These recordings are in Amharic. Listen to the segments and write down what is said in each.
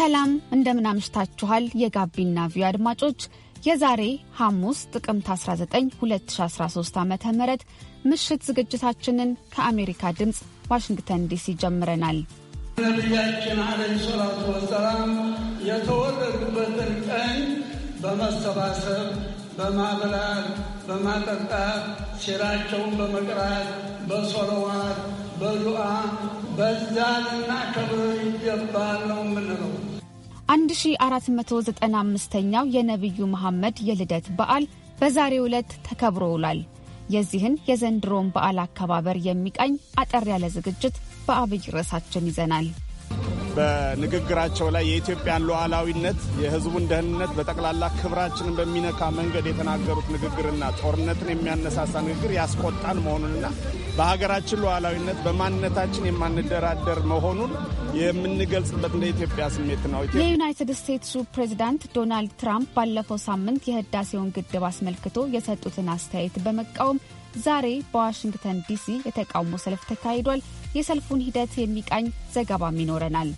ሰላም እንደምን እንደምናምሽታችኋል። የጋቢና ቪዮ አድማጮች የዛሬ ሐሙስ ጥቅምት 19 2013 ዓ ም ምሽት ዝግጅታችንን ከአሜሪካ ድምፅ ዋሽንግተን ዲሲ ጀምረናል። ነቢያችን አለይሂ ሰላቱ ወሰላም የተወለዱበትን ቀን በመሰባሰብ በማብላት በማጠጣት ሴራቸውን በመቅራት በሶለዋት በዱዓ በዛልና ከብር ይገባል ነው የምንለው። 1495 ኛው የነቢዩ መሐመድ የልደት በዓል በዛሬው ዕለት ተከብሮ ውሏል። የዚህን የዘንድሮን በዓል አከባበር የሚቃኝ አጠር ያለ ዝግጅት በአብይ ርዕሳችን ይዘናል። በንግግራቸው ላይ የኢትዮጵያን ሉዓላዊነት፣ የህዝቡን ደህንነት፣ በጠቅላላ ክብራችንን በሚነካ መንገድ የተናገሩት ንግግርና ጦርነትን የሚያነሳሳ ንግግር ያስቆጣን መሆኑንና በሀገራችን ሉዓላዊነት በማንነታችን የማንደራደር መሆኑን የምንገልጽበት እንደ ኢትዮጵያ ስሜት ነው። የዩናይትድ ስቴትሱ ፕሬዚዳንት ዶናልድ ትራምፕ ባለፈው ሳምንት የህዳሴውን ግድብ አስመልክቶ የሰጡትን አስተያየት በመቃወም ዛሬ በዋሽንግተን ዲሲ የተቃውሞ ሰልፍ ተካሂዷል። የሰልፉን ሂደት የሚቃኝ ዘገባም ይኖረናል።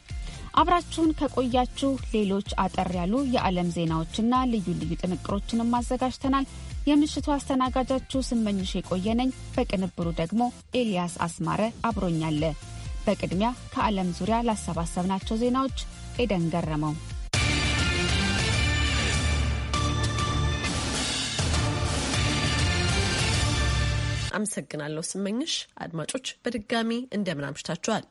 አብራችሁን ከቆያችሁ ሌሎች አጠር ያሉ የዓለም ዜናዎችና ልዩ ልዩ ጥንቅሮችንም አዘጋጅተናል። የምሽቱ አስተናጋጃችሁ ስመኝሽ የቆየነኝ፣ በቅንብሩ ደግሞ ኤልያስ አስማረ አብሮኛለ። በቅድሚያ ከዓለም ዙሪያ ላሰባሰብናቸው ዜናዎች ኤደን ገረመው አመሰግናለሁ ስመኝሽ። አድማጮች በድጋሚ እንደምን አምሽታችኋል።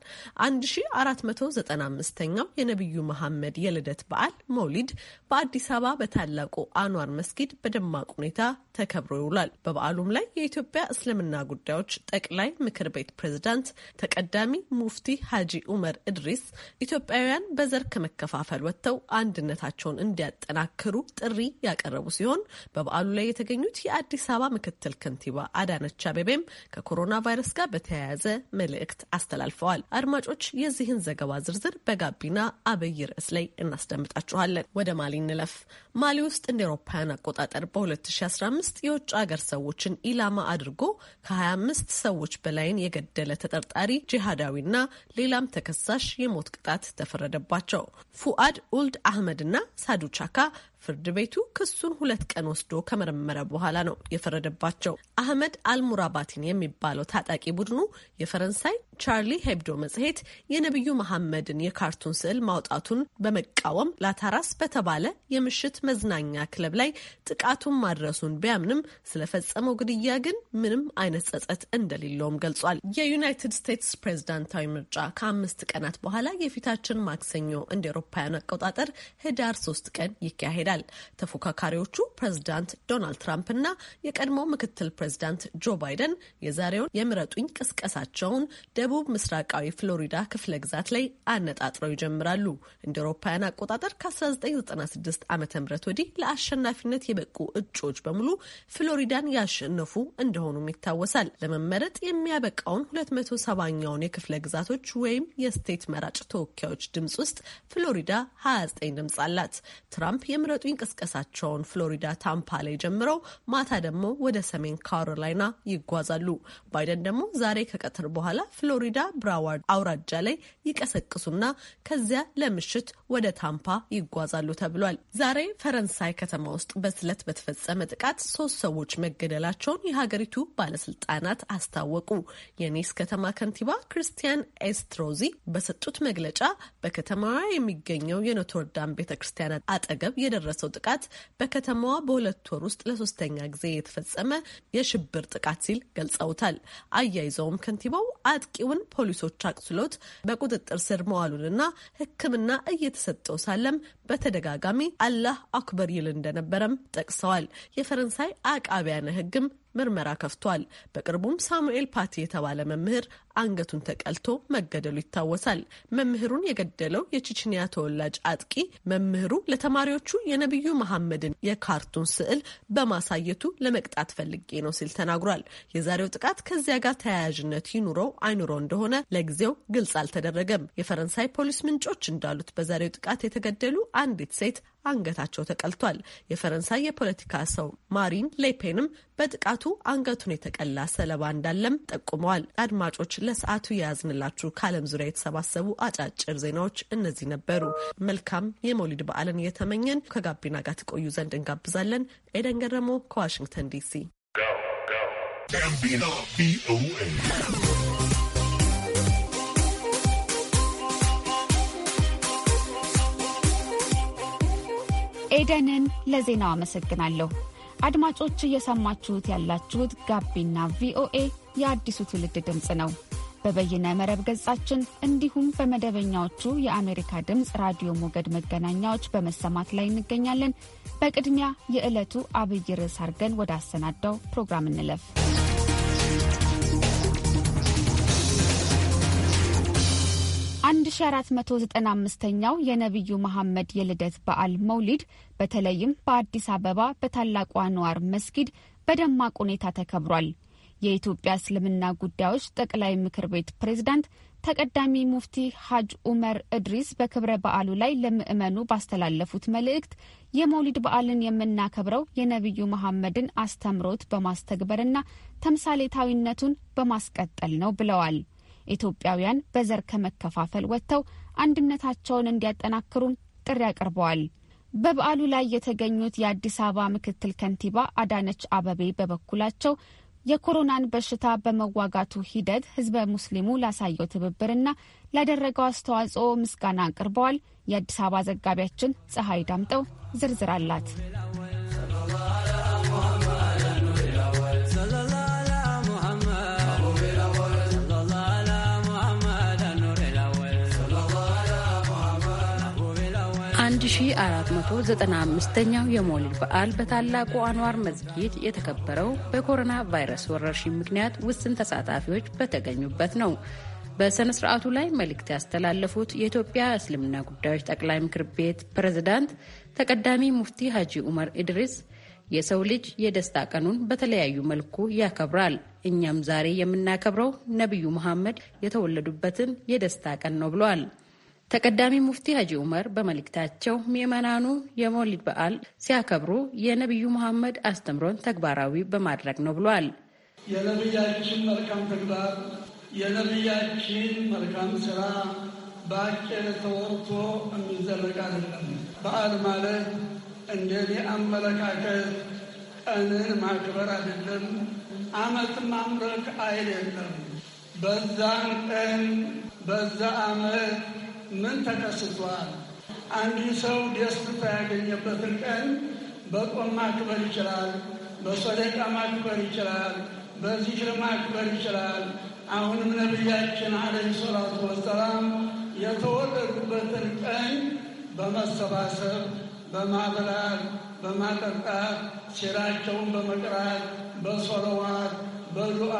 1495ኛው የነቢዩ መሐመድ የልደት በዓል መውሊድ በአዲስ አበባ በታላቁ አኗር መስጊድ በደማቅ ሁኔታ ተከብሮ ይውላል። በበዓሉም ላይ የኢትዮጵያ እስልምና ጉዳዮች ጠቅላይ ምክር ቤት ፕሬዝዳንት ተቀዳሚ ሙፍቲ ሀጂ ኡመር እድሪስ ኢትዮጵያውያን በዘር ከመከፋፈል ወጥተው አንድነታቸውን እንዲያጠናክሩ ጥሪ ያቀረቡ ሲሆን በበዓሉ ላይ የተገኙት የአዲስ አበባ ምክትል ከንቲባ አዳነች አበቤም ከኮሮና ቫይረስ ጋር በተያያዘ መልእክት አስተላልፈዋል። አድማጮች የዚህን ዘገባ ዝርዝር በጋቢና አብይ ርዕስ ላይ እናስደምጣችኋለን። ወደ ማሊ እንለፍ። ማሊ ውስጥ እንደ ኤሮፓውያን አቆጣጠር በ2015 የውጭ ሀገር ሰዎችን ኢላማ አድርጎ ከ25 ሰዎች በላይን የገደለ ተጠርጣሪ ጂሃዳዊና ሌላም ተከሳሽ የሞት ቅጣት ተፈረደባቸው። ፉአድ ኡልድ አህመድና ቻካ ፍርድ ቤቱ ክሱን ሁለት ቀን ወስዶ ከመረመረ በኋላ ነው የፈረደባቸው። አህመድ አልሙራባቲን የሚባለው ታጣቂ ቡድኑ የፈረንሳይ ቻርሊ ሄብዶ መጽሔት የነቢዩ መሐመድን የካርቱን ስዕል ማውጣቱን በመቃወም ላታራስ በተባለ የምሽት መዝናኛ ክለብ ላይ ጥቃቱን ማድረሱን ቢያምንም ስለፈጸመው ግድያ ግን ምንም አይነት ጸጸት እንደሌለውም ገልጿል። የዩናይትድ ስቴትስ ፕሬዝዳንታዊ ምርጫ ከአምስት ቀናት በኋላ የፊታችን ማክሰኞ እንደ ኤሮፓውያን አቆጣጠር ህዳር ሶስት ቀን ይካሄዳል። ተፎካካሪዎቹ ፕሬዝዳንት ዶናልድ ትራምፕ እና የቀድሞ ምክትል ፕሬዝዳንት ጆ ባይደን የዛሬውን የምረጡኝ ቅስቀሳቸውን ደቡብ ምስራቃዊ ፍሎሪዳ ክፍለ ግዛት ላይ አነጣጥረው ይጀምራሉ። እንደ አውሮፓውያን አቆጣጠር ከ1996 ዓ ም ወዲህ ለአሸናፊነት የበቁ እጩዎች በሙሉ ፍሎሪዳን ያሸነፉ እንደሆኑም ይታወሳል። ለመመረጥ የሚያበቃውን 270ኛውን የክፍለ ግዛቶች ወይም የስቴት መራጭ ተወካዮች ድምፅ ውስጥ ፍሎሪዳ 29 ድምፅ አላት። ትራምፕ የምረጡ እንቅስቀሳቸውን ፍሎሪዳ ታምፓ ላይ ጀምረው ማታ ደግሞ ወደ ሰሜን ካሮላይና ይጓዛሉ። ባይደን ደግሞ ዛሬ ከቀትር በኋላ ፍሎሪዳ ብራዋርድ አውራጃ ላይ ይቀሰቅሱና ከዚያ ለምሽት ወደ ታምፓ ይጓዛሉ ተብሏል። ዛሬ ፈረንሳይ ከተማ ውስጥ በስለት በተፈጸመ ጥቃት ሶስት ሰዎች መገደላቸውን የሀገሪቱ ባለስልጣናት አስታወቁ። የኒስ ከተማ ከንቲባ ክርስቲያን ኤስትሮዚ በሰጡት መግለጫ በከተማዋ የሚገኘው የኖትርዳም ቤተ ክርስቲያን አጠገብ የደረሰው ጥቃት በከተማዋ በሁለት ወር ውስጥ ለሶስተኛ ጊዜ የተፈጸመ የሽብር ጥቃት ሲል ገልጸውታል። አያይዘውም ከንቲባው አጥቂ ታጣቂውን ፖሊሶች አቅስሎት በቁጥጥር ስር መዋሉንና ሕክምና እየተሰጠው ሳለም በተደጋጋሚ አላህ አክበር ይል እንደነበረም ጠቅሰዋል። የፈረንሳይ አቃቢያነ ሕግም ምርመራ ከፍቷል። በቅርቡም ሳሙኤል ፓቲ የተባለ መምህር አንገቱን ተቀልቶ መገደሉ ይታወሳል። መምህሩን የገደለው የቺችኒያ ተወላጅ አጥቂ መምህሩ ለተማሪዎቹ የነቢዩ መሐመድን የካርቱን ስዕል በማሳየቱ ለመቅጣት ፈልጌ ነው ሲል ተናግሯል። የዛሬው ጥቃት ከዚያ ጋር ተያያዥነት ይኑረው አይኑረው እንደሆነ ለጊዜው ግልጽ አልተደረገም። የፈረንሳይ ፖሊስ ምንጮች እንዳሉት በዛሬው ጥቃት የተገደሉ አንዲት ሴት አንገታቸው ተቀልቷል። የፈረንሳይ የፖለቲካ ሰው ማሪን ሌፔንም በጥቃቱ አንገቱን የተቀላ ሰለባ እንዳለም ጠቁመዋል። አድማጮች፣ ለሰዓቱ የያዝንላችሁ ከዓለም ዙሪያ የተሰባሰቡ አጫጭር ዜናዎች እነዚህ ነበሩ። መልካም የመውሊድ በዓልን እየተመኘን ከጋቢና ጋር ትቆዩ ዘንድ እንጋብዛለን። ኤደን ገረሞ ከዋሽንግተን ዲሲ ኤደንን ለዜናው አመሰግናለሁ። አድማጮች እየሰማችሁት ያላችሁት ጋቢና ቪኦኤ የአዲሱ ትውልድ ድምፅ ነው። በበይነ መረብ ገጻችን እንዲሁም በመደበኛዎቹ የአሜሪካ ድምፅ ራዲዮ ሞገድ መገናኛዎች በመሰማት ላይ እንገኛለን። በቅድሚያ የዕለቱ አብይ ርዕስ አድርገን ወደ አሰናዳው ፕሮግራም እንለፍ። 1495 ኛው የነቢዩ መሐመድ የልደት በዓል መውሊድ በተለይም በአዲስ አበባ በታላቁ አንዋር መስጊድ በደማቅ ሁኔታ ተከብሯል። የኢትዮጵያ እስልምና ጉዳዮች ጠቅላይ ምክር ቤት ፕሬዝዳንት ተቀዳሚ ሙፍቲ ሐጅ ኡመር እድሪስ በክብረ በዓሉ ላይ ለምዕመኑ ባስተላለፉት መልእክት የመውሊድ በዓልን የምናከብረው የነቢዩ መሐመድን አስተምሮት በማስተግበርና ተምሳሌታዊነቱን በማስቀጠል ነው ብለዋል። ኢትዮጵያውያን በዘር ከመከፋፈል ወጥተው አንድነታቸውን እንዲያጠናክሩም ጥሪ አቅርበዋል። በበዓሉ ላይ የተገኙት የአዲስ አበባ ምክትል ከንቲባ አዳነች አበቤ በበኩላቸው የኮሮናን በሽታ በመዋጋቱ ሂደት ህዝበ ሙስሊሙ ላሳየው ትብብርና ላደረገው አስተዋጽኦ ምስጋና አቅርበዋል። የአዲስ አበባ ዘጋቢያችን ፀሐይ ዳምጠው ዝርዝር አላት። 1495ኛው የሞሊድ በዓል በታላቁ አንዋር መስጊድ የተከበረው በኮሮና ቫይረስ ወረርሽኝ ምክንያት ውስን ተሳታፊዎች በተገኙበት ነው። በሥነ ሥርዓቱ ላይ መልእክት ያስተላለፉት የኢትዮጵያ እስልምና ጉዳዮች ጠቅላይ ምክር ቤት ፕሬዝዳንት ተቀዳሚ ሙፍቲ ሀጂ ኡመር ኢድሪስ የሰው ልጅ የደስታ ቀኑን በተለያዩ መልኩ ያከብራል። እኛም ዛሬ የምናከብረው ነቢዩ መሐመድ የተወለዱበትን የደስታ ቀን ነው ብለዋል። ተቀዳሚ ሙፍቲ ሀጂ ኡመር በመልእክታቸው ምዕመናኑ የመውሊድ በዓል ሲያከብሩ የነቢዩ መሐመድ አስተምሮን ተግባራዊ በማድረግ ነው ብሏል። የነቢያችን መልካም ተግባር የነቢያችን መልካም ስራ በአጭር ተወርቶ የሚዘለቅ አይደለም። በዓል ማለት እንደኔ አመለካከት ቀንን ማክበር አይደለም፣ አመት ማምረክ አይደለም። በዛን ቀን በዛ አመት ምን ተከስቷል? አንድ ሰው ደስታ ያገኘበትን ቀን በቆም ማክበር ይችላል፣ በሰደቃ ማክበር ይችላል፣ በዚክር ማክበር ይችላል። አሁንም ነቢያችን አለይሂ ሰላቱ ወሰላም የተወለዱበትን ቀን በመሰባሰብ በማብላት በማጠጣት ሴራቸውን በመቅራት በሶለዋት በዱዓ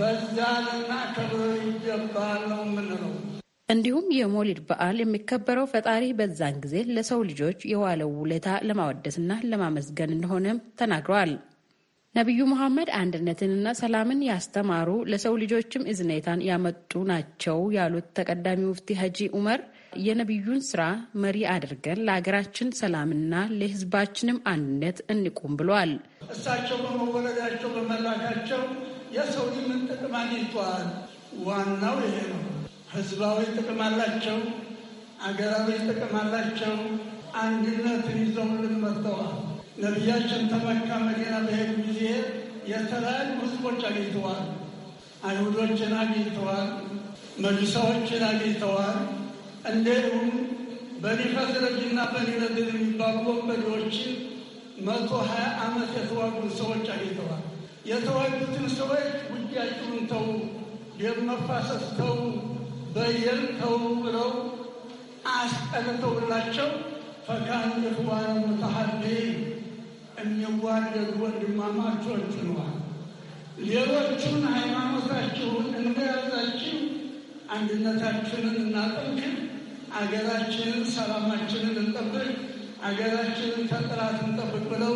በዛልና ልናከብር ይገባል ነው የምንለው። እንዲሁም የሞሊድ በዓል የሚከበረው ፈጣሪ በዛን ጊዜ ለሰው ልጆች የዋለው ውለታ ለማወደስና ለማመስገን እንደሆነም ተናግረዋል። ነቢዩ መሐመድ አንድነትንና ሰላምን ያስተማሩ ለሰው ልጆችም እዝኔታን ያመጡ ናቸው ያሉት ተቀዳሚ ሙፍቲ ሀጂ ኡመር የነቢዩን ስራ መሪ አድርገን ለሀገራችን ሰላምና ለሕዝባችንም አንድነት እንቁም ብሏል። እሳቸው በመወለዳቸው በመላካቸው የሰው ልጅ ምን ጥቅም አግኝቷል? ዋናው ይሄ ነው። ህዝባዊ ጥቅም አላቸው፣ አገራዊ ጥቅም አላቸው። አንድነትን ይዘውልን መጥተዋል። ነቢያችን ተመካ መዲና በሄዱ ጊዜ የተለያዩ ህዝቦች አግኝተዋል። አይሁዶችን አግኝተዋል፣ መጁሳዎችን አግኝተዋል። እንዲሁም በኒፈትረጅና በኒረድር የሚባሉ ወንበዴዎችን መቶ ሀያ ዓመት የተዋጉ ሰዎች አግኝተዋል። የተዋጉትን ሰዎች ውጊያችሁን ተዉ፣ ደም መፋሰስ ተዉ በየል ተው ብለው አስጠንተውላቸው ፈካን ዋን ተሐዴ የሚዋደዱ ወንድማማቾች ነዋል። ሌሎቹን ሃይማኖታችሁን እንደያዛችሁ አንድነታችንን እናጠንክን፣ አገራችንን ሰላማችንን እንጠብቅ፣ አገራችንን ከጥላት እንጠብቅ ብለው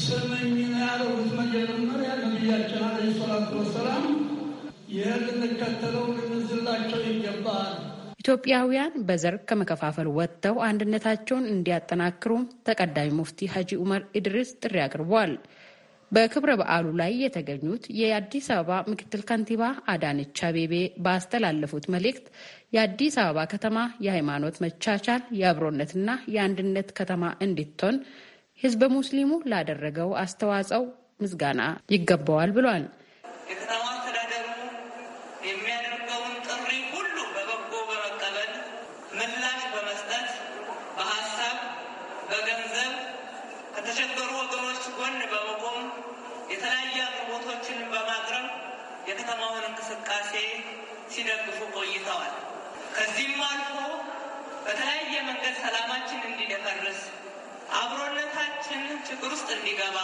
ስምኝ ያለሁት መጀመሪያ ነቢያችን አለ ሰላቱ ወሰላም ልንዝላቸው ይገባል። ኢትዮጵያውያን በዘር ከመከፋፈል ወጥተው አንድነታቸውን እንዲያጠናክሩ ተቀዳሚ ሙፍቲ ሀጂ ኡመር ኢድሪስ ጥሪ አቅርቧል። በክብረ በዓሉ ላይ የተገኙት የአዲስ አበባ ምክትል ከንቲባ አዳነች አቤቤ ባስተላለፉት መልእክት የአዲስ አበባ ከተማ የሃይማኖት መቻቻል የአብሮነትና የአንድነት ከተማ እንድትሆን ህዝበ ሙስሊሙ ላደረገው አስተዋጽኦ ምስጋና ይገባዋል ብሏል። እንዲገባ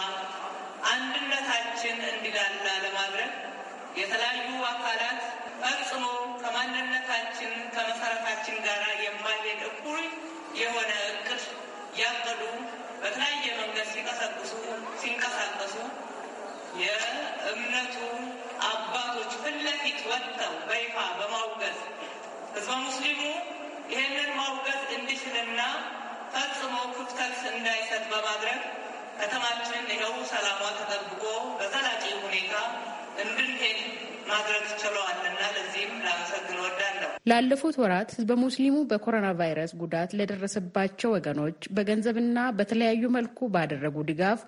አንድነታችን እንዲላላ ለማድረግ የተለያዩ አካላት ፈጽሞ ከማንነታችን ከመሰረታችን ጋር የማይሄድ እኩል የሆነ እቅድ ያቀዱ በተለያየ መንገድ ሲቀሰቅሱ ሲንቀሳቀሱ የእምነቱ አባቶች ፊት ለፊት ወጥተው በይፋ በማውገዝ ህዝበ ሙስሊሙ ይህንን ማውገዝ እንዲችልና ፈጽሞ ክፍተት እንዳይሰጥ በማድረግ ከተማችንን ይኸው ሰላሟ ተጠብቆ በዘላቂ ሁኔታ እንድንሄድ ማድረግ ችለዋልና ለዚህም ላመሰግን ወዳለሁ። ላለፉት ወራት ህዝበ ሙስሊሙ በኮሮና ቫይረስ ጉዳት ለደረሰባቸው ወገኖች በገንዘብና በተለያዩ መልኩ ባደረጉ ድጋፍ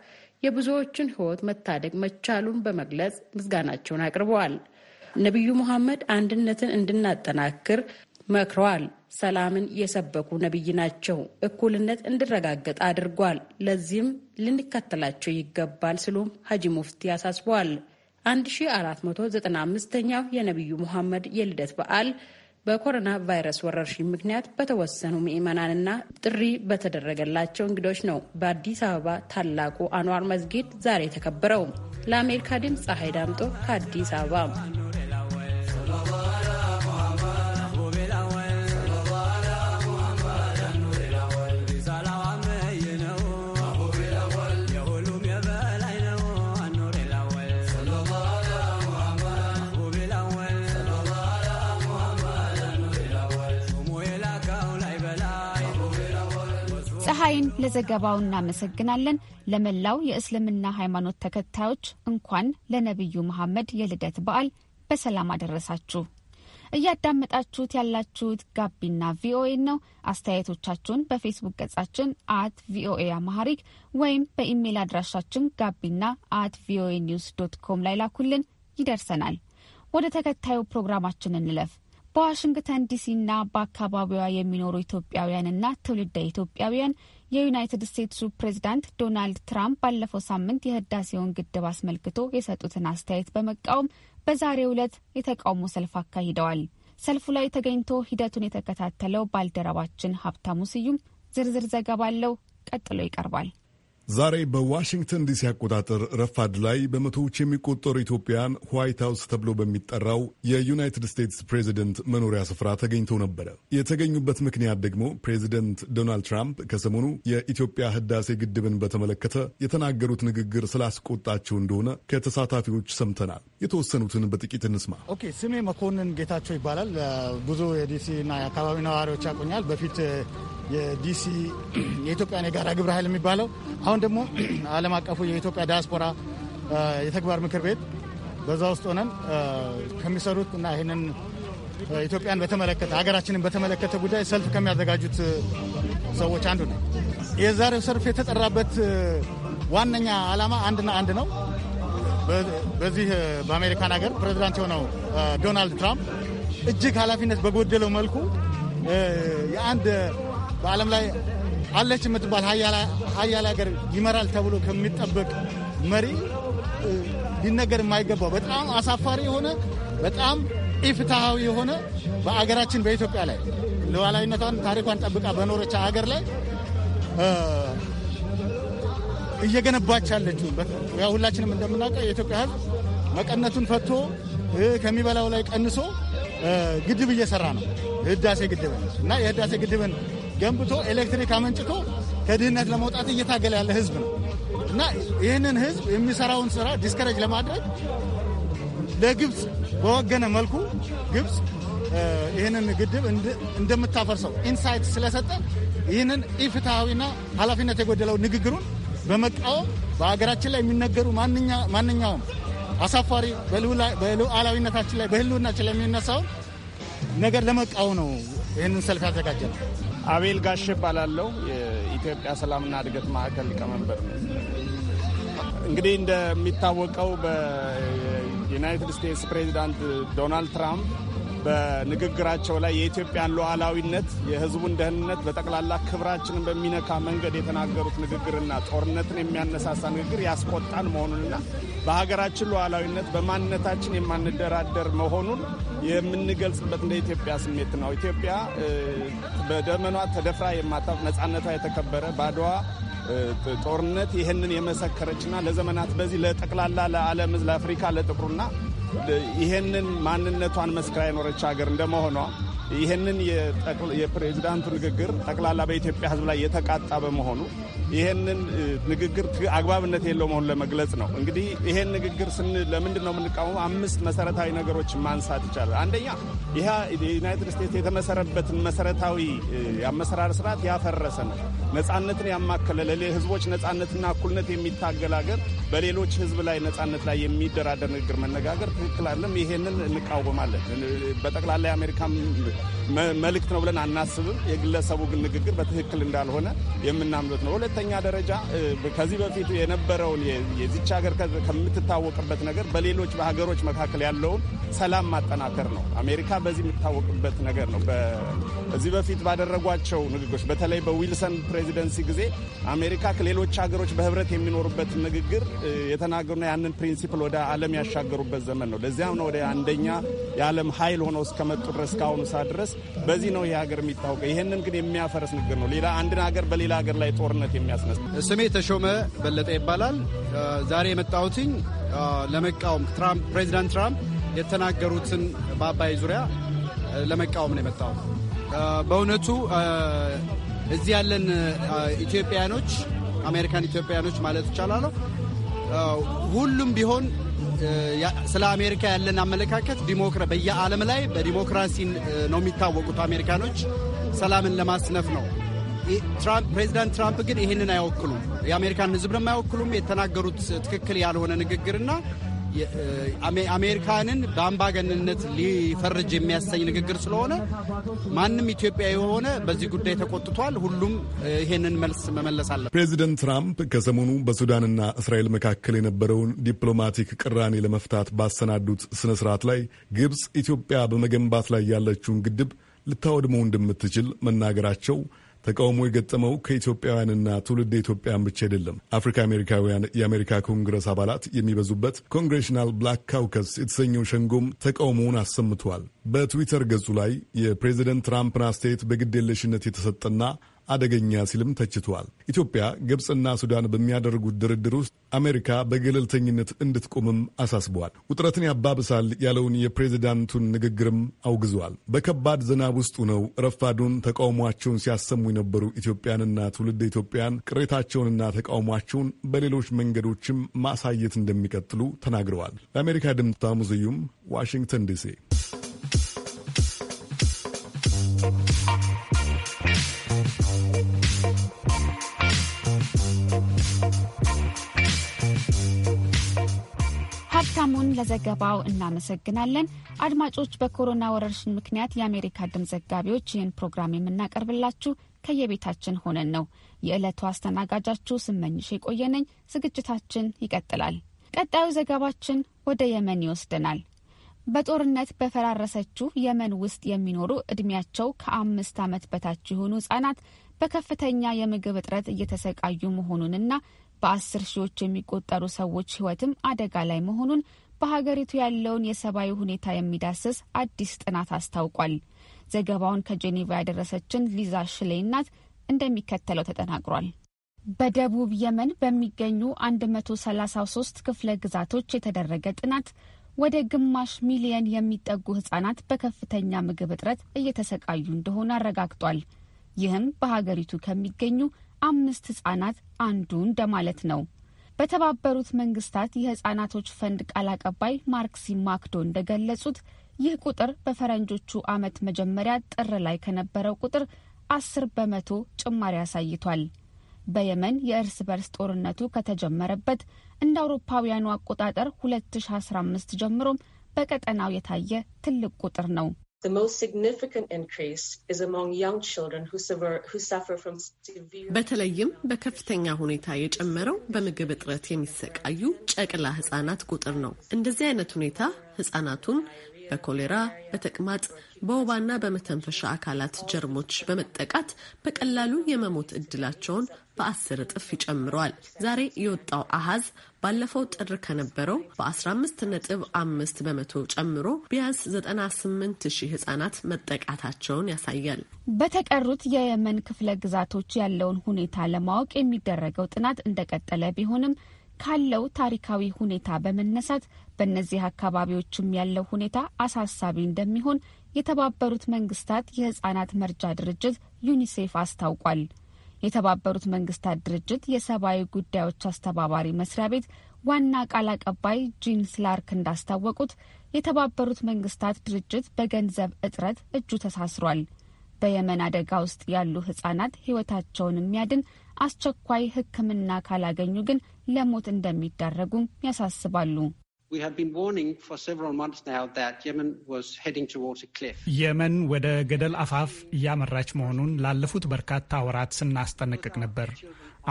የብዙዎችን ህይወት መታደግ መቻሉን በመግለጽ ምስጋናቸውን አቅርበዋል። ነቢዩ መሐመድ አንድነትን እንድናጠናክር መክረዋል። ሰላምን የሰበኩ ነቢይ ናቸው። እኩልነት እንዲረጋገጥ አድርጓል። ለዚህም ልንከተላቸው ይገባል ሲሉም ሀጂ ሙፍቲ አሳስበዋል። 1495ኛው የነቢዩ ሙሐመድ የልደት በዓል በኮሮና ቫይረስ ወረርሽኝ ምክንያት በተወሰኑ ምዕመናንና ጥሪ በተደረገላቸው እንግዶች ነው በአዲስ አበባ ታላቁ አንዋር መስጊድ ዛሬ ተከብረው። ለአሜሪካ ድምፅ ፀሐይ ዳምጦ ከአዲስ አበባ ሁሴን ለዘገባው እናመሰግናለን። ለመላው የእስልምና ሃይማኖት ተከታዮች እንኳን ለነቢዩ መሐመድ የልደት በዓል በሰላም አደረሳችሁ። እያዳመጣችሁት ያላችሁት ጋቢና ቪኦኤ ነው። አስተያየቶቻችሁን በፌስቡክ ገጻችን አት ቪኦኤ አማሐሪክ ወይም በኢሜይል አድራሻችን ጋቢና አት ቪኦኤ ኒውስ ዶት ኮም ላይ ላኩልን፣ ይደርሰናል። ወደ ተከታዩ ፕሮግራማችን እንለፍ። በዋሽንግተን ዲሲና በአካባቢዋ የሚኖሩ ኢትዮጵያውያንና ትውልደ ኢትዮጵያውያን የዩናይትድ ስቴትሱ ፕሬዚዳንት ዶናልድ ትራምፕ ባለፈው ሳምንት የህዳሴውን ግድብ አስመልክቶ የሰጡትን አስተያየት በመቃወም በዛሬው ዕለት የተቃውሞ ሰልፍ አካሂደዋል። ሰልፉ ላይ ተገኝቶ ሂደቱን የተከታተለው ባልደረባችን ሀብታሙ ስዩም ዝርዝር ዘገባ አለው። ቀጥሎ ይቀርባል። ዛሬ በዋሽንግተን ዲሲ አቆጣጠር ረፋድ ላይ በመቶዎች የሚቆጠሩ ኢትዮጵያን ዋይት ሀውስ ተብሎ በሚጠራው የዩናይትድ ስቴትስ ፕሬዚደንት መኖሪያ ስፍራ ተገኝተው ነበረ። የተገኙበት ምክንያት ደግሞ ፕሬዚደንት ዶናልድ ትራምፕ ከሰሞኑ የኢትዮጵያ ህዳሴ ግድብን በተመለከተ የተናገሩት ንግግር ስላስቆጣቸው እንደሆነ ከተሳታፊዎች ሰምተናል። የተወሰኑትን በጥቂት እንስማ። ኦኬ፣ ስሜ መኮንን ጌታቸው ይባላል። ብዙ እና የአካባቢ ነዋሪዎች ያቆኛል። በፊት የዲሲ የኢትዮጵያን የጋራ ግብረ ኃይል የሚባለው አሁን አሁን ደግሞ ዓለም አቀፉ የኢትዮጵያ ዲያስፖራ የተግባር ምክር ቤት በዛ ውስጥ ሆነን ከሚሰሩት እና ይህንን ኢትዮጵያን በተመለከተ ሀገራችንን በተመለከተ ጉዳይ ሰልፍ ከሚያዘጋጁት ሰዎች አንዱ ነው። የዛሬው ሰልፍ የተጠራበት ዋነኛ ዓላማ አንድና አንድ ነው። በዚህ በአሜሪካን ሀገር ፕሬዚዳንት የሆነው ዶናልድ ትራምፕ እጅግ ኃላፊነት በጎደለው መልኩ የአንድ በዓለም ላይ አለች የምትባል ሀያል ሀገር ይመራል ተብሎ ከሚጠበቅ መሪ ሊነገር የማይገባው በጣም አሳፋሪ የሆነ በጣም ኢፍትሐዊ የሆነ በአገራችን በኢትዮጵያ ላይ ሉዓላዊነቷን ታሪኳን ጠብቃ በኖረች አገር ላይ እየገነባች ያለችው ሁላችንም እንደምናውቀው የኢትዮጵያ ሕዝብ መቀነቱን ፈቶ ከሚበላው ላይ ቀንሶ ግድብ እየሰራ ነው። ህዳሴ ግድብን እና የህዳሴ ግድብን ገንብቶ ኤሌክትሪክ አመንጭቶ ከድህነት ለመውጣት እየታገለ ያለ ህዝብ ነው እና ይህንን ህዝብ የሚሰራውን ስራ ዲስከረጅ ለማድረግ ለግብፅ በወገነ መልኩ ግብፅ ይህንን ግድብ እንደምታፈርሰው ኢንሳይት ስለሰጠ ይህንን ኢፍትሐዊና ኃላፊነት የጎደለው ንግግሩን በመቃወም በሀገራችን ላይ የሚነገሩ ማንኛውም አሳፋሪ በሉዓላዊነታችን ላይ በህልውናችን ላይ የሚነሳውን ነገር ለመቃወም ነው ይህንን ሰልፍ ያዘጋጀ ነው። አቤል ጋሽ እባላለሁ። የኢትዮጵያ ሰላምና እድገት ማዕከል ሊቀመንበር ነው። እንግዲህ እንደሚታወቀው በዩናይትድ ስቴትስ ፕሬዚዳንት ዶናልድ ትራምፕ በንግግራቸው ላይ የኢትዮጵያን ሉዓላዊነት፣ የህዝቡን ደህንነት፣ በጠቅላላ ክብራችንን በሚነካ መንገድ የተናገሩት ንግግርና ጦርነትን የሚያነሳሳ ንግግር ያስቆጣን መሆኑንና በሀገራችን ሉዓላዊነት በማንነታችን የማንደራደር መሆኑን የምንገልጽበት እንደ ኢትዮጵያ ስሜት ነው። ኢትዮጵያ በደመኗ ተደፍራ የማታውቅ ነፃነቷ የተከበረ ባድዋ ጦርነት ይህንን የመሰከረችና ለዘመናት በዚህ ለጠቅላላ ለዓለም ለአፍሪካ ለጥቁሩና ይሄንን ማንነቷን መስክራ የኖረች ሀገር እንደመሆኗ ይህንን የፕሬዚዳንቱ ንግግር ጠቅላላ በኢትዮጵያ ሕዝብ ላይ የተቃጣ በመሆኑ ይህንን ንግግር አግባብነት የለው መሆኑ ለመግለጽ ነው። እንግዲህ ይሄን ንግግር ለምንድን ነው የምንቃወመው? አምስት መሰረታዊ ነገሮች ማንሳት ይቻላል። አንደኛ ይህ የዩናይትድ ስቴትስ የተመሰረበትን መሰረታዊ የአመሰራር ስርዓት ያፈረሰ ነው። ነጻነትን ያማከለ ህዝቦች ነጻነትና እኩልነት የሚታገል ሀገር በሌሎች ህዝብ ላይ ነጻነት ላይ የሚደራደር ንግግር መነጋገር ትክክል አለም። ይሄንን እንቃወማለን። በጠቅላላ የአሜሪካም መልእክት ነው ብለን አናስብም። የግለሰቡ ግን ንግግር በትክክል እንዳልሆነ የምናምኑት ነው። ሁለተኛ ደረጃ ከዚህ በፊት የነበረውን የዚች ሀገር ከምትታወቅበት ነገር በሌሎች በሀገሮች መካከል ያለውን ሰላም ማጠናከር ነው። አሜሪካ በዚህ የምትታወቅበት ነገር ነው። ከዚህ በፊት ባደረጓቸው ንግግሮች በተለይ በዊልሰን ፕሬዚደንሲ ጊዜ አሜሪካ ከሌሎች ሀገሮች በህብረት የሚኖሩበት ንግግር የተናገሩና ያንን ፕሪንሲፕል ወደ ዓለም ያሻገሩበት ዘመን ነው። ለዚያም ነው ወደ አንደኛ የዓለም ኃይል ሆነው እስከመጡ ድረስ ከአሁኑ ሰዓት ድረስ በዚህ ነው ይህ ሀገር የሚታወቀ። ይህንን ግን የሚያፈርስ ንግግር ነው። ሌላ አንድን ሀገር በሌላ ሀገር ላይ ጦርነት የሚያስነስ። ስሜ ተሾመ በለጠ ይባላል። ዛሬ የመጣሁትኝ ለመቃወም ትራምፕ ፕሬዚዳንት ትራምፕ የተናገሩትን በአባይ ዙሪያ ለመቃወም ነው የመጣው። በእውነቱ እዚህ ያለን ኢትዮጵያኖች አሜሪካን ኢትዮጵያኖች ማለት ይቻላለሁ ሁሉም ቢሆን ስለ አሜሪካ ያለን አመለካከት በየዓለም ላይ በዲሞክራሲ ነው የሚታወቁት አሜሪካኖች ሰላምን ለማስነፍ ነው። ፕሬዚዳንት ትራምፕ ግን ይህንን አይወክሉም። የአሜሪካን ሕዝብንም አይወክሉም። የተናገሩት ትክክል ያልሆነ ንግግርና አሜሪካንን በአምባገንነት ሊፈርጅ የሚያሰኝ ንግግር ስለሆነ ማንም ኢትዮጵያ የሆነ በዚህ ጉዳይ ተቆጥቷል። ሁሉም ይሄንን መልስ መመለስ አለ። ፕሬዚደንት ትራምፕ ከሰሞኑ በሱዳንና እስራኤል መካከል የነበረውን ዲፕሎማቲክ ቅራኔ ለመፍታት ባሰናዱት ስነ ስርዓት ላይ ግብፅ ኢትዮጵያ በመገንባት ላይ ያለችውን ግድብ ልታወድመው እንደምትችል መናገራቸው ተቃውሞ የገጠመው ከኢትዮጵያውያንና ትውልድ ኢትዮጵያን ብቻ አይደለም። አፍሪካ አሜሪካውያን የአሜሪካ ኮንግረስ አባላት የሚበዙበት ኮንግሬሽናል ብላክ ካውከስ የተሰኘው ሸንጎም ተቃውሞውን አሰምተዋል። በትዊተር ገጹ ላይ የፕሬዚደንት ትራምፕን አስተያየት በግድ የለሽነት የተሰጠና አደገኛ ሲልም ተችቷል። ኢትዮጵያ፣ ግብፅና ሱዳን በሚያደርጉት ድርድር ውስጥ አሜሪካ በገለልተኝነት እንድትቆምም አሳስቧል። ውጥረትን ያባብሳል ያለውን የፕሬዚዳንቱን ንግግርም አውግዟል። በከባድ ዝናብ ውስጥ ነው ረፋዱን ተቃውሟቸውን ሲያሰሙ የነበሩ ኢትዮጵያንና ትውልድ ኢትዮጵያን ቅሬታቸውንና ተቃውሟቸውን በሌሎች መንገዶችም ማሳየት እንደሚቀጥሉ ተናግረዋል። ለአሜሪካ ድምፅ ታሙዝዩም ዋሽንግተን ዲሲ ለዘገባው እናመሰግናለን። አድማጮች፣ በኮሮና ወረርሽኝ ምክንያት የአሜሪካ ድምፅ ዘጋቢዎች ይህን ፕሮግራም የምናቀርብላችሁ ከየቤታችን ሆነን ነው። የዕለቱ አስተናጋጃችሁ ስመኝሽ የቆየነኝ። ዝግጅታችን ይቀጥላል። ቀጣዩ ዘገባችን ወደ የመን ይወስደናል። በጦርነት በፈራረሰችው የመን ውስጥ የሚኖሩ ዕድሜያቸው ከአምስት ዓመት በታች የሆኑ ህጻናት በከፍተኛ የምግብ እጥረት እየተሰቃዩ መሆኑንና በአስር ሺዎች የሚቆጠሩ ሰዎች ህይወትም አደጋ ላይ መሆኑን በሀገሪቱ ያለውን የሰብአዊ ሁኔታ የሚዳስስ አዲስ ጥናት አስታውቋል። ዘገባውን ከጄኔቫ ያደረሰችን ሊዛ ሽሌይናት ናት፣ እንደሚከተለው ተጠናቅሯል። በደቡብ የመን በሚገኙ 133 ክፍለ ግዛቶች የተደረገ ጥናት ወደ ግማሽ ሚሊየን የሚጠጉ ህጻናት በከፍተኛ ምግብ እጥረት እየተሰቃዩ እንደሆነ አረጋግጧል። ይህም በሀገሪቱ ከሚገኙ አምስት ህጻናት አንዱ እንደማለት ነው። በተባበሩት መንግስታት የህጻናቶች ፈንድ ቃል አቀባይ ማርክሲም ማክዶ እንደገለጹት ይህ ቁጥር በፈረንጆቹ አመት መጀመሪያ ጥር ላይ ከነበረው ቁጥር አስር በመቶ ጭማሪ አሳይቷል። በየመን የእርስ በርስ ጦርነቱ ከተጀመረበት እንደ አውሮፓውያኑ አቆጣጠር 2015 ጀምሮም በቀጠናው የታየ ትልቅ ቁጥር ነው። በተለይም በከፍተኛ ሁኔታ የጨመረው በምግብ እጥረት የሚሰቃዩ ጨቅላ ህጻናት ቁጥር ነው። እንደዚህ አይነት ሁኔታ ህጻናቱን በኮሌራ፣ በተቅማጥ፣ በወባና በመተንፈሻ አካላት ጀርሞች በመጠቃት በቀላሉ የመሞት እድላቸውን በአስር እጥፍ ይጨምረዋል። ዛሬ የወጣው አሃዝ ባለፈው ጥር ከነበረው በ15 ነጥብ አምስት በመቶ ጨምሮ ቢያንስ 98 ሺህ ህጻናት መጠቃታቸውን ያሳያል። በተቀሩት የየመን ክፍለ ግዛቶች ያለውን ሁኔታ ለማወቅ የሚደረገው ጥናት እንደቀጠለ ቢሆንም ካለው ታሪካዊ ሁኔታ በመነሳት በእነዚህ አካባቢዎችም ያለው ሁኔታ አሳሳቢ እንደሚሆን የተባበሩት መንግስታት የህጻናት መርጃ ድርጅት ዩኒሴፍ አስታውቋል። የተባበሩት መንግስታት ድርጅት የሰብአዊ ጉዳዮች አስተባባሪ መስሪያ ቤት ዋና ቃል አቀባይ ጂን ስላርክ እንዳስታወቁት የተባበሩት መንግስታት ድርጅት በገንዘብ እጥረት እጁ ተሳስሯል። በየመን አደጋ ውስጥ ያሉ ህጻናት ህይወታቸውን የሚያድን አስቸኳይ ሕክምና ካላገኙ ግን ለሞት እንደሚዳረጉም ያሳስባሉ። የመን ወደ ገደል አፋፍ እያመራች መሆኑን ላለፉት በርካታ ወራት ስናስጠነቅቅ ነበር።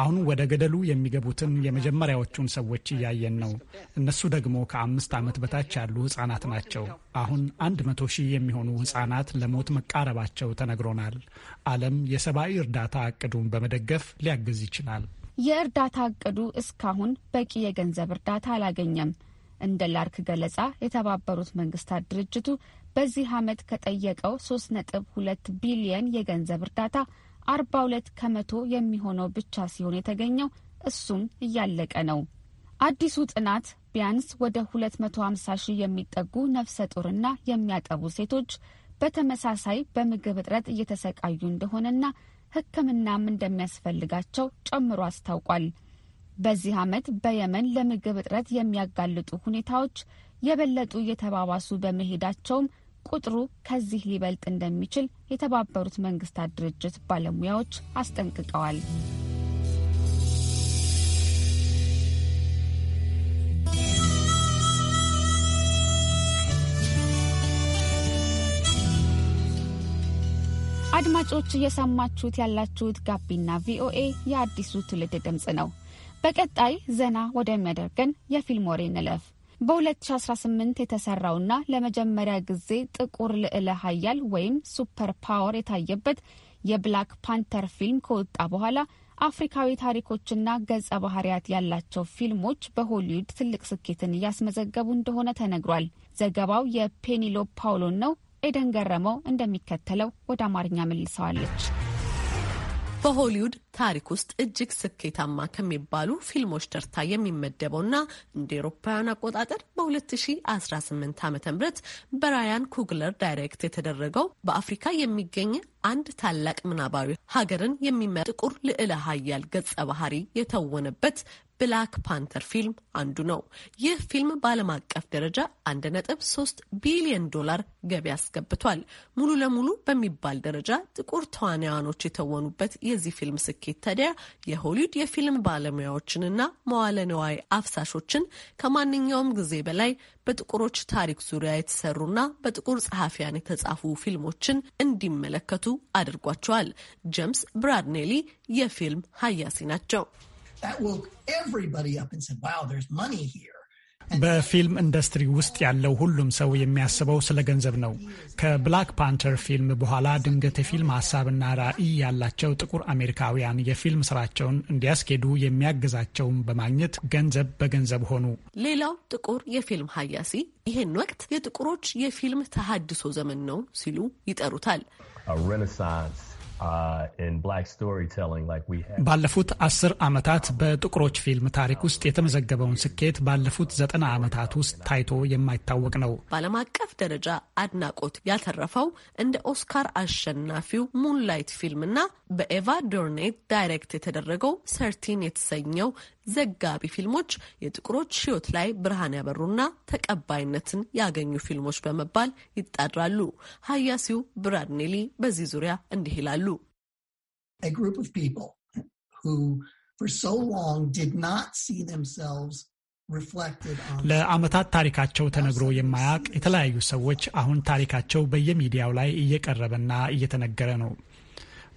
አሁን ወደ ገደሉ የሚገቡትን የመጀመሪያዎቹን ሰዎች እያየን ነው። እነሱ ደግሞ ከአምስት ዓመት በታች ያሉ ሕፃናት ናቸው። አሁን አንድ መቶ ሺህ የሚሆኑ ሕፃናት ለሞት መቃረባቸው ተነግሮናል። ዓለም የሰብአዊ እርዳታ እቅዱን በመደገፍ ሊያግዝ ይችላል። የእርዳታ እቅዱ እስካሁን በቂ የገንዘብ እርዳታ አላገኘም። እንደ ላርክ ገለጻ የተባበሩት መንግስታት ድርጅቱ በዚህ ዓመት ከጠየቀው 3.2 ቢሊየን የገንዘብ እርዳታ 42 ከመቶ የሚሆነው ብቻ ሲሆን የተገኘው እሱም እያለቀ ነው። አዲሱ ጥናት ቢያንስ ወደ 250 ሺህ የሚጠጉ ነፍሰ ጡርና የሚያጠቡ ሴቶች በተመሳሳይ በምግብ እጥረት እየተሰቃዩ እንደሆነና ሕክምናም እንደሚያስፈልጋቸው ጨምሮ አስታውቋል። በዚህ ዓመት በየመን ለምግብ እጥረት የሚያጋልጡ ሁኔታዎች የበለጡ እየተባባሱ በመሄዳቸውም ቁጥሩ ከዚህ ሊበልጥ እንደሚችል የተባበሩት መንግስታት ድርጅት ባለሙያዎች አስጠንቅቀዋል። አድማጮች እየሰማችሁት ያላችሁት ጋቢና ቪኦኤ የአዲሱ ትውልድ ድምፅ ነው። በቀጣይ ዘና ወደሚያደርገን የፊልም ወሬ እንለፍ። በ2018 የተሰራውና ለመጀመሪያ ጊዜ ጥቁር ልዕለ ኃያል ወይም ሱፐር ፓወር የታየበት የብላክ ፓንተር ፊልም ከወጣ በኋላ አፍሪካዊ ታሪኮችና ገጸ ባህሪያት ያላቸው ፊልሞች በሆሊውድ ትልቅ ስኬትን እያስመዘገቡ እንደሆነ ተነግሯል። ዘገባው የፔኒሎ ፓውሎን ነው። ኤደን ገረመው እንደሚከተለው ወደ አማርኛ መልሰዋለች። በሆሊውድ ታሪክ ውስጥ እጅግ ስኬታማ ከሚባሉ ፊልሞች ተርታ የሚመደበውና እንደ ኤሮፓውያን አቆጣጠር በ2018 ዓ ም በራያን ኩግለር ዳይሬክት የተደረገው በአፍሪካ የሚገኝ አንድ ታላቅ ምናባዊ ሀገርን የሚመ ጥቁር ልዕለ ሀያል ገጸ ባህሪ የተወነበት ብላክ ፓንተር ፊልም አንዱ ነው። ይህ ፊልም በዓለም አቀፍ ደረጃ አንድ ነጥብ ሶስት ቢሊዮን ዶላር ገቢ አስገብቷል። ሙሉ ለሙሉ በሚባል ደረጃ ጥቁር ተዋናያኖች የተወኑበት የዚህ ፊልም ስኬት ታዲያ የሆሊውድ የፊልም ባለሙያዎችንና መዋለ ንዋይ አፍሳሾችን ከማንኛውም ጊዜ በላይ በጥቁሮች ታሪክ ዙሪያ የተሰሩና በጥቁር ጸሐፊያን የተጻፉ ፊልሞችን እንዲመለከቱ አድርጓቸዋል። ጀምስ ብራድኔሊ የፊልም ሀያሲ ናቸው። በፊልም ኢንዱስትሪ ውስጥ ያለው ሁሉም ሰው የሚያስበው ስለ ገንዘብ ነው። ከብላክ ፓንተር ፊልም በኋላ ድንገት የፊልም ሀሳብና ራዕይ ያላቸው ጥቁር አሜሪካውያን የፊልም ስራቸውን እንዲያስኬዱ የሚያግዛቸውን በማግኘት ገንዘብ በገንዘብ ሆኑ። ሌላው ጥቁር የፊልም ሀያሲ ይህን ወቅት የጥቁሮች የፊልም ተሃድሶ ዘመን ነው ሲሉ ይጠሩታል። ሬኔሳንስ Uh, ባለፉት አስር ዓመታት በጥቁሮች ፊልም ታሪክ ውስጥ የተመዘገበውን ስኬት ባለፉት ዘጠና ዓመታት ውስጥ ታይቶ የማይታወቅ ነው። በዓለም አቀፍ ደረጃ አድናቆት ያተረፈው እንደ ኦስካር አሸናፊው ሙንላይት ፊልምና በኤቫ ዶርኔት ዳይሬክት የተደረገው ሰርቲን የተሰኘው ዘጋቢ ፊልሞች የጥቁሮች ሕይወት ላይ ብርሃን ያበሩና ተቀባይነትን ያገኙ ፊልሞች በመባል ይጣራሉ። ሀያሲው ብራድኔሊ በዚህ ዙሪያ እንዲህ ይላሉ። ለአመታት ታሪካቸው ተነግሮ የማያውቅ የተለያዩ ሰዎች አሁን ታሪካቸው በየሚዲያው ላይ እየቀረበና እየተነገረ ነው።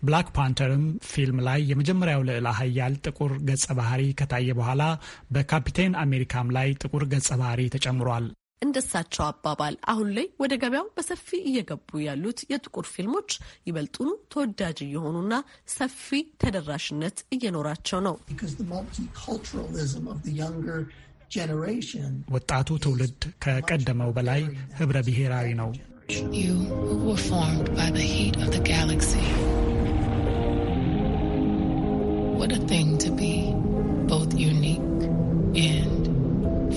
ብላክ ፓንተርም ፊልም ላይ የመጀመሪያው ልዕለ ሀያል ጥቁር ገጸ ባህሪ ከታየ በኋላ በካፒቴን አሜሪካም ላይ ጥቁር ገጸ ባህሪ ተጨምሯል። እንደሳቸው አባባል አሁን ላይ ወደ ገበያው በሰፊ እየገቡ ያሉት የጥቁር ፊልሞች ይበልጡኑ ተወዳጅ እየሆኑና ሰፊ ተደራሽነት እየኖራቸው ነው። ወጣቱ ትውልድ ከቀደመው በላይ ህብረ ብሔራዊ ነው። a thing to be both unique and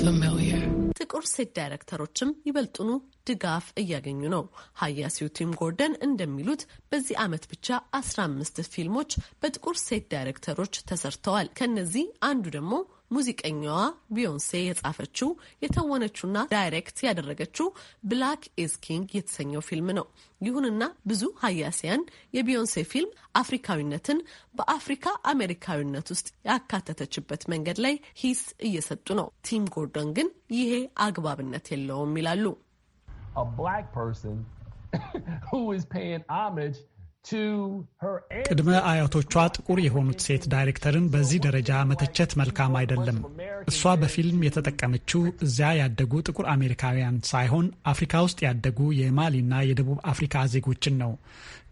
familiar. ጥቁር ሴት ዳይሬክተሮችም ይበልጡኑ ድጋፍ እያገኙ ነው። ሀያሲው ቲም ጎርደን እንደሚሉት በዚህ ዓመት ብቻ 15 ፊልሞች በጥቁር ሴት ዳይሬክተሮች ተሰርተዋል። ከነዚህ አንዱ ደግሞ ሙዚቀኛዋ ቢዮንሴ የጻፈችው የተወነችውና ዳይሬክት ያደረገችው ብላክ ኢዝ ኪንግ የተሰኘው ፊልም ነው። ይሁንና ብዙ ሀያሲያን የቢዮንሴ ፊልም አፍሪካዊነትን በአፍሪካ አሜሪካዊነት ውስጥ ያካተተችበት መንገድ ላይ ሂስ እየሰጡ ነው። ቲም ጎርዶን ግን ይሄ አግባብነት የለውም ይላሉ። ቅድመ አያቶቿ ጥቁር የሆኑት ሴት ዳይሬክተርን በዚህ ደረጃ መተቸት መልካም አይደለም። እሷ በፊልም የተጠቀመችው እዚያ ያደጉ ጥቁር አሜሪካውያን ሳይሆን አፍሪካ ውስጥ ያደጉ የማሊና የደቡብ አፍሪካ ዜጎችን ነው።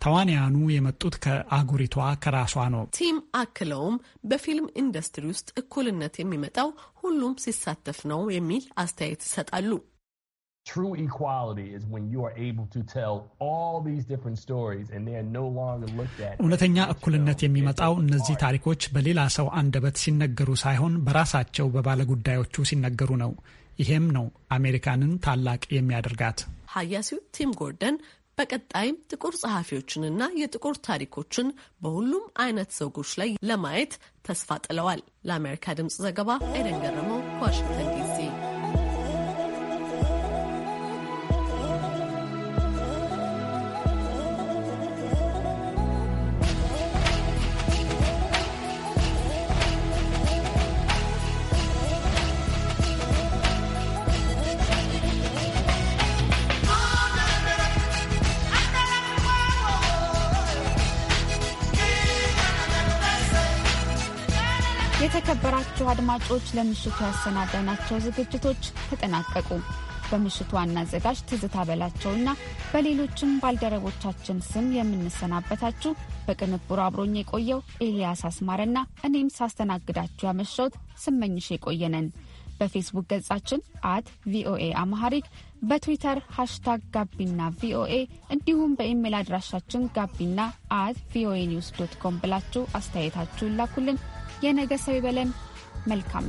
ተዋንያኑ የመጡት ከአህጉሪቷ ከራሷ ነው። ቲም አክለውም በፊልም ኢንዱስትሪ ውስጥ እኩልነት የሚመጣው ሁሉም ሲሳተፍ ነው የሚል አስተያየት ይሰጣሉ። True equality is when you are able to tell all these different stories and they are no longer looked at. እውነተኛ እኩልነት uh, የሚመጣው እነዚህ ታሪኮች በሌላ ሰው አንደበት ሲነገሩ ሳይሆን በራሳቸው በባለጉዳዮቹ ሲነገሩ ነው። ይሄም ነው አሜሪካንን ታላቅ የሚያደርጋት። ሀያሲው ቲም ጎርደን በቀጣይም ጥቁር ጸሐፊዎችንና የጥቁር ታሪኮችን በሁሉም አይነት ዘውጎች ላይ ለማየት ተስፋ ጥለዋል። ለአሜሪካ ድምፅ ዘገባ ኤደን ገረመው ከዋሽንግተን ዲሲ አድማጮች ለምሽቱ ያሰናዳናቸው ዝግጅቶች ተጠናቀቁ። በምሽቱ ዋና አዘጋጅ ትዝታ በላቸውና በሌሎችም ባልደረቦቻችን ስም የምንሰናበታችሁ በቅንብሩ አብሮኝ የቆየው ኤልያስ አስማረና እኔም ሳስተናግዳችሁ ያመሸሁት ስመኝሽ የቆየነን። በፌስቡክ ገጻችን አት ቪኦኤ አማሐሪክ በትዊተር ሃሽታግ ጋቢና ቪኦኤ እንዲሁም በኢሜይል አድራሻችን ጋቢና አት ቪኦኤ ኒውስ ዶት ኮም ብላችሁ አስተያየታችሁን ላኩልን። የነገ ሰው ይበለን። መልካም ምሽት።